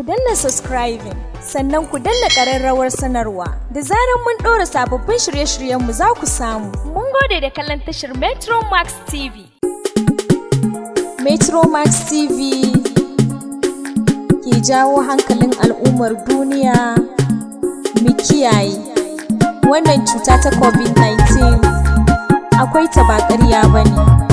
ku danna subscribing sannan ku danna ƙararrawar sanarwa da zarar mun ɗora sababbin shirye-shiryenmu za ku samu. Mun gode da kallon tashar Metro Max TV. Metro Max TV ke jawo hankalin al'ummar duniya mu kiyaye wannan cuta ta COVID-19 akwai ta ba ƙarya ba ne.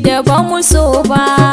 da ba mu so ba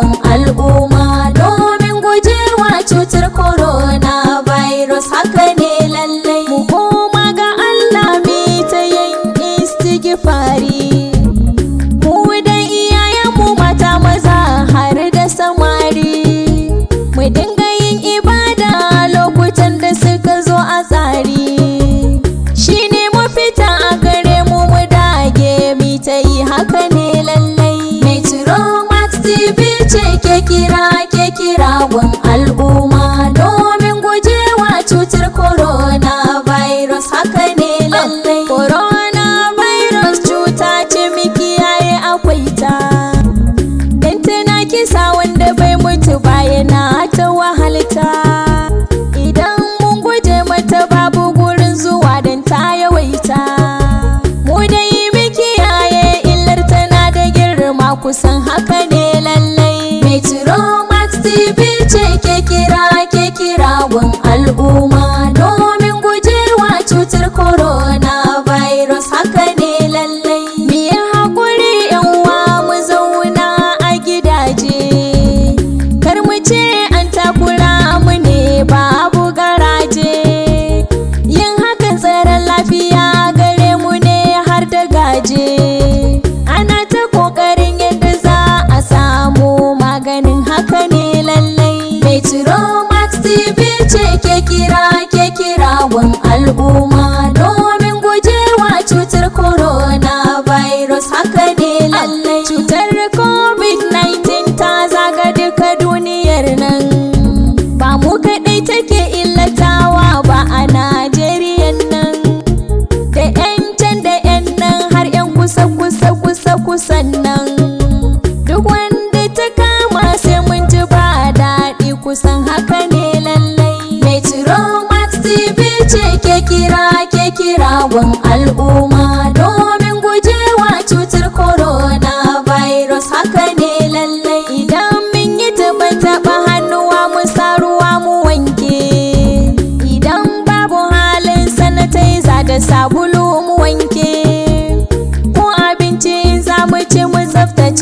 爱。fice ke kira ki corona virus haka ne lallai mu yi hakuri yan mu zauna a gidaje kar mu ce an takura mu ne babu garaje yin hakan tsaron lafiya gare mu ne har da gaje ana ta kokarin yadda za a samu maganin haka ne lallai mai tiro max tv ce ke kira ke kira al'umma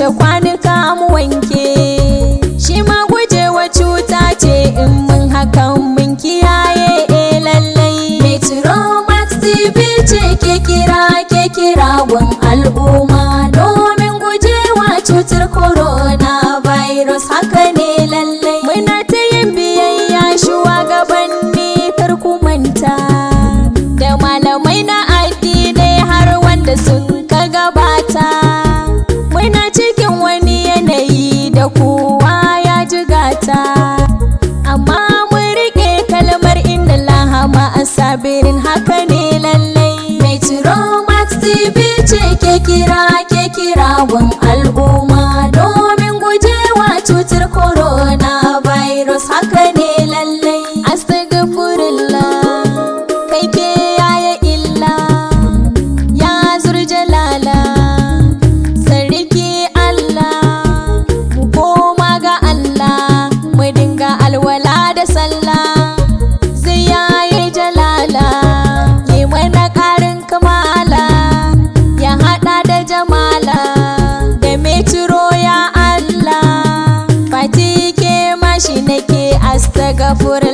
wanke kwanuka mu wanke shi ma gujewa cuta ce in mun haka mun kiyaye e lallai metromax max tv ce ke kira ke kira gun al'umma domin gujewa cutar corona virus ne. ma a sabirin haka ne lallai. Metro Max TV ce ke kira ke kira wan Mas pega por